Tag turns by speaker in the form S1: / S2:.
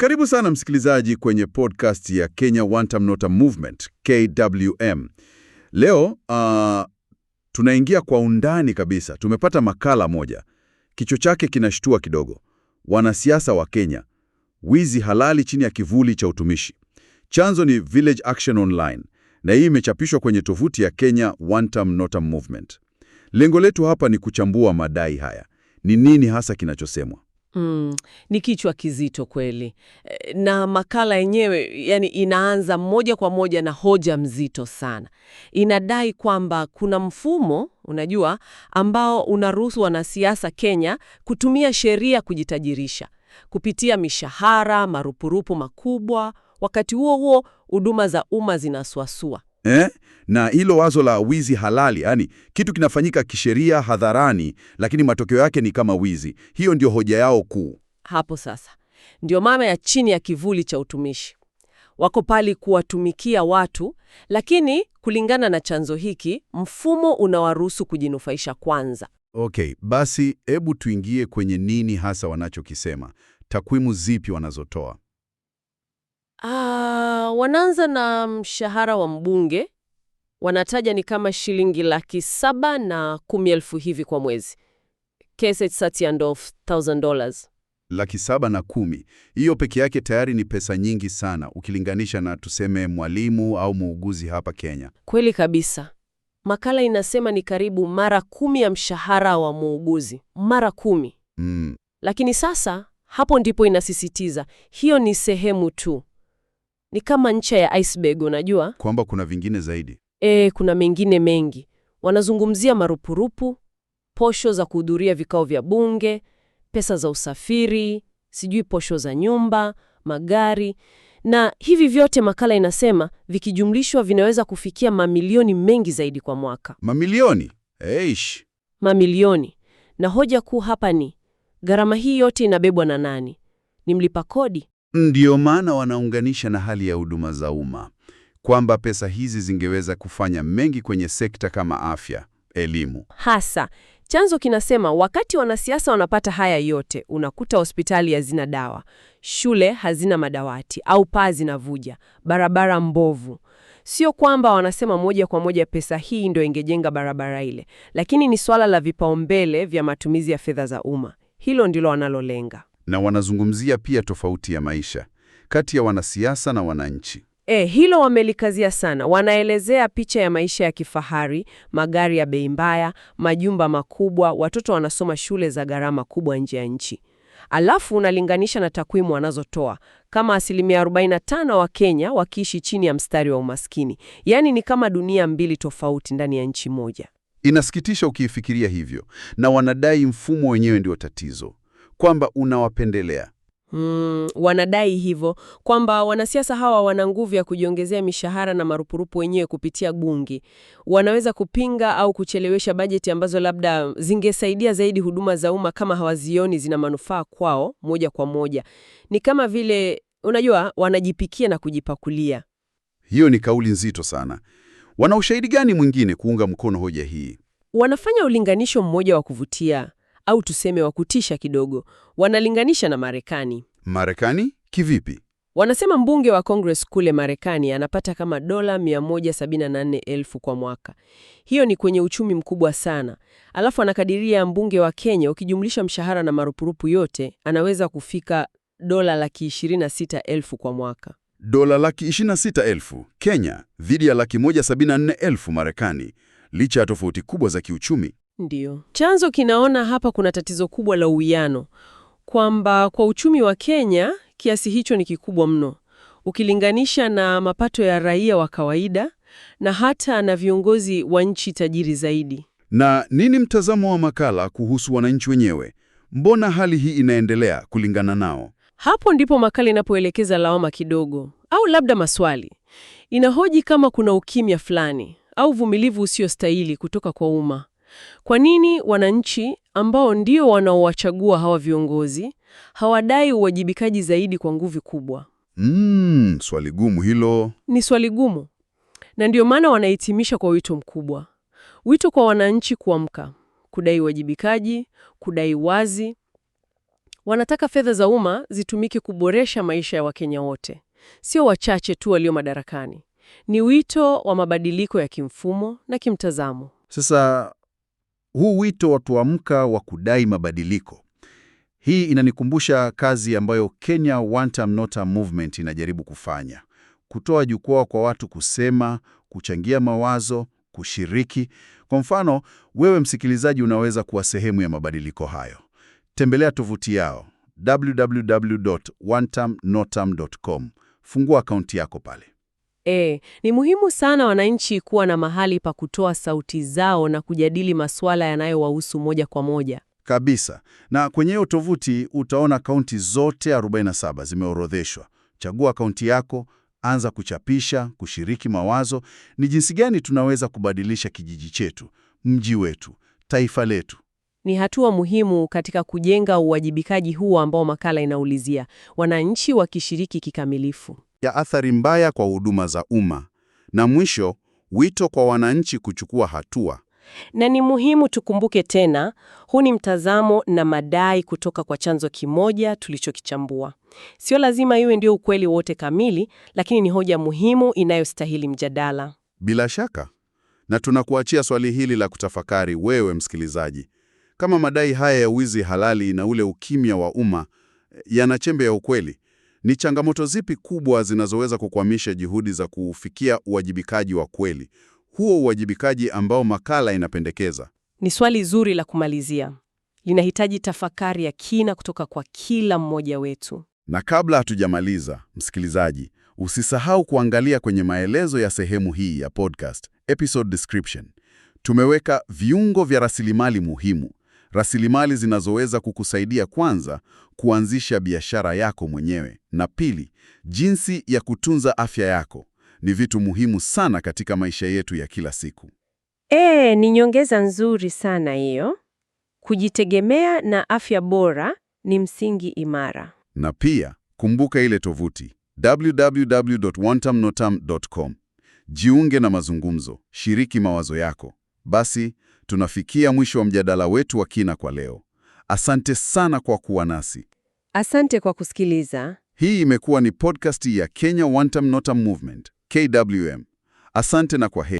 S1: Karibu sana msikilizaji kwenye podcast ya Kenya Wantamnotam Movement, KWM. Leo uh, tunaingia kwa undani kabisa. Tumepata makala moja, kichwa chake kinashtua kidogo: wanasiasa wa Kenya, wizi halali chini ya kivuli cha utumishi. Chanzo ni Village Action Online, na hii imechapishwa kwenye tovuti ya Kenya Wantamnotam Movement. Lengo letu hapa ni kuchambua madai haya, ni nini hasa kinachosemwa
S2: Mm, ni kichwa kizito kweli. Eh, na makala yenyewe yani inaanza moja kwa moja na hoja mzito sana. Inadai kwamba kuna mfumo, unajua, ambao unaruhusu wanasiasa Kenya kutumia sheria kujitajirisha kupitia mishahara, marupurupu makubwa. Wakati huo huo, huduma za umma zinasuasua
S1: eh? Na hilo wazo la wizi halali, yani kitu kinafanyika kisheria hadharani, lakini matokeo yake ni kama wizi. Hiyo ndio hoja yao kuu
S2: hapo. Sasa ndio mama ya chini ya kivuli cha utumishi wako pale kuwatumikia watu, lakini kulingana na chanzo hiki, mfumo unawaruhusu kujinufaisha kwanza.
S1: Okay, basi hebu tuingie kwenye nini hasa wanachokisema, takwimu zipi wanazotoa?
S2: Ah, wanaanza na mshahara wa mbunge wanataja ni kama shilingi laki saba na kumi elfu hivi kwa mwezi. dollars
S1: laki saba na kumi, hiyo peke yake tayari ni pesa nyingi sana ukilinganisha na tuseme mwalimu au muuguzi hapa Kenya.
S2: Kweli kabisa. Makala inasema ni karibu mara kumi ya mshahara wa muuguzi, mara kumi. Mm. Lakini sasa hapo ndipo inasisitiza, hiyo ni sehemu tu ni kama ncha ya iceberg, unajua
S1: kwamba kuna vingine zaidi.
S2: E, kuna mengine mengi. Wanazungumzia marupurupu, posho za kuhudhuria vikao vya bunge, pesa za usafiri, sijui posho za nyumba, magari na hivi vyote, makala inasema vikijumlishwa, vinaweza kufikia mamilioni mengi zaidi kwa mwaka.
S1: Mamilioni eish,
S2: mamilioni. Na hoja kuu hapa ni gharama hii yote inabebwa na nani? Ni mlipa kodi
S1: Ndiyo maana wanaunganisha na hali ya huduma za umma kwamba pesa hizi zingeweza kufanya mengi kwenye sekta kama afya, elimu.
S2: Hasa chanzo kinasema wakati wanasiasa wanapata haya yote, unakuta hospitali hazina dawa, shule hazina madawati au paa zinavuja, barabara mbovu. Sio kwamba wanasema moja kwa moja pesa hii ndio ingejenga barabara ile, lakini ni swala la vipaumbele vya matumizi ya fedha za umma. Hilo ndilo wanalolenga
S1: na wanazungumzia pia tofauti ya maisha kati ya wanasiasa na wananchi.
S2: E, hilo wamelikazia sana. Wanaelezea picha ya maisha ya kifahari, magari ya bei mbaya, majumba makubwa, watoto wanasoma shule za gharama kubwa nje ya nchi. Alafu unalinganisha na takwimu wanazotoa kama asilimia 45 wa Kenya wakiishi chini ya mstari wa umaskini. Yaani ni kama dunia mbili tofauti ndani ya nchi moja.
S1: Inasikitisha ukiifikiria hivyo, na wanadai mfumo wenyewe ndio tatizo kwamba unawapendelea.
S2: Mm, wanadai hivyo kwamba wanasiasa hawa wana nguvu ya kujiongezea mishahara na marupurupu wenyewe kupitia bunge. Wanaweza kupinga au kuchelewesha bajeti ambazo labda zingesaidia zaidi huduma za umma kama hawazioni zina manufaa kwao moja kwa moja. Ni kama vile unajua, wanajipikia na kujipakulia.
S1: Hiyo ni kauli nzito sana. Wana ushahidi gani mwingine kuunga mkono hoja hii?
S2: Wanafanya ulinganisho mmoja wa kuvutia au tuseme wa kutisha kidogo. Wanalinganisha na Marekani.
S1: Marekani kivipi?
S2: Wanasema mbunge wa Congress kule Marekani anapata kama dola 174,000 kwa mwaka. Hiyo ni kwenye uchumi mkubwa sana. Alafu anakadiria mbunge wa Kenya, ukijumlisha mshahara na marupurupu yote, anaweza kufika dola laki 26,000 kwa mwaka.
S1: Dola laki 26,000 Kenya dhidi ya laki 174,000 Marekani, licha ya tofauti kubwa za kiuchumi.
S2: Ndiyo. Chanzo kinaona hapa kuna tatizo kubwa la uwiano, kwamba kwa uchumi wa Kenya kiasi hicho ni kikubwa mno ukilinganisha na mapato ya raia wa kawaida na hata na viongozi wa nchi tajiri zaidi.
S1: Na nini mtazamo wa makala kuhusu wananchi wenyewe? Mbona hali hii inaendelea kulingana nao?
S2: Hapo ndipo makala inapoelekeza lawama kidogo, au labda maswali. Inahoji kama kuna ukimya fulani au uvumilivu usiostahili kutoka kwa umma. Kwa nini wananchi ambao ndio wanaowachagua hawa viongozi hawadai uwajibikaji zaidi kwa nguvu kubwa?
S1: Mm, swali gumu hilo.
S2: Ni swali gumu, na ndio maana wanahitimisha kwa wito mkubwa, wito kwa wananchi kuamka, kudai uwajibikaji, kudai wazi. Wanataka fedha za umma zitumike kuboresha maisha ya Wakenya wote, sio wachache tu walio madarakani. Ni wito wa mabadiliko ya kimfumo na kimtazamo.
S1: Sasa huu wito wa Tuamka wa kudai mabadiliko, hii inanikumbusha kazi ambayo Kenya One notam Movement inajaribu kufanya, kutoa jukwaa kwa watu kusema, kuchangia mawazo, kushiriki. Kwa mfano, wewe msikilizaji unaweza kuwa sehemu ya mabadiliko hayo. Tembelea tovuti yao www.onetermnoterm.com. Fungua akaunti yako pale.
S2: E, ni muhimu sana wananchi kuwa na mahali pa kutoa sauti zao na kujadili masuala yanayowahusu moja kwa moja
S1: kabisa. Na kwenye hiyo tovuti utaona kaunti zote 47 zimeorodheshwa. Chagua kaunti yako, anza kuchapisha, kushiriki mawazo. Ni jinsi gani tunaweza kubadilisha kijiji chetu, mji wetu, taifa letu?
S2: Ni hatua muhimu katika kujenga uwajibikaji huu ambao makala inaulizia, wananchi wakishiriki kikamilifu
S1: ya athari mbaya kwa huduma za umma, na mwisho wito kwa wananchi kuchukua hatua.
S2: Na ni muhimu tukumbuke tena, huu ni mtazamo na madai kutoka kwa chanzo kimoja tulichokichambua. Sio lazima iwe ndio ukweli wote kamili, lakini ni hoja muhimu inayostahili mjadala.
S1: Bila shaka. Na tunakuachia swali hili la kutafakari, wewe msikilizaji, kama madai haya ya wizi halali na ule ukimya wa umma eh, yana chembe ya ukweli, ni changamoto zipi kubwa zinazoweza kukwamisha juhudi za kufikia uwajibikaji wa kweli, huo uwajibikaji ambao makala inapendekeza?
S2: Ni swali zuri la kumalizia, linahitaji tafakari ya kina kutoka kwa kila mmoja wetu.
S1: Na kabla hatujamaliza, msikilizaji, usisahau kuangalia kwenye maelezo ya sehemu hii ya podcast, episode description. Tumeweka viungo vya rasilimali muhimu rasilimali zinazoweza kukusaidia kwanza, kuanzisha biashara yako mwenyewe, na pili, jinsi ya kutunza afya yako. Ni vitu muhimu sana katika maisha yetu ya kila siku.
S2: E, ni nyongeza nzuri sana hiyo. Kujitegemea na afya bora ni msingi imara.
S1: Na pia kumbuka ile tovuti www.wantamnotam.com. Jiunge na mazungumzo, shiriki mawazo yako. Basi tunafikia mwisho wa mjadala wetu wa kina kwa leo. Asante sana kwa kuwa nasi.
S2: Asante kwa kusikiliza.
S1: Hii imekuwa ni podcast ya Kenya Wantam Notam Movement, KWM. Asante na kwa heri.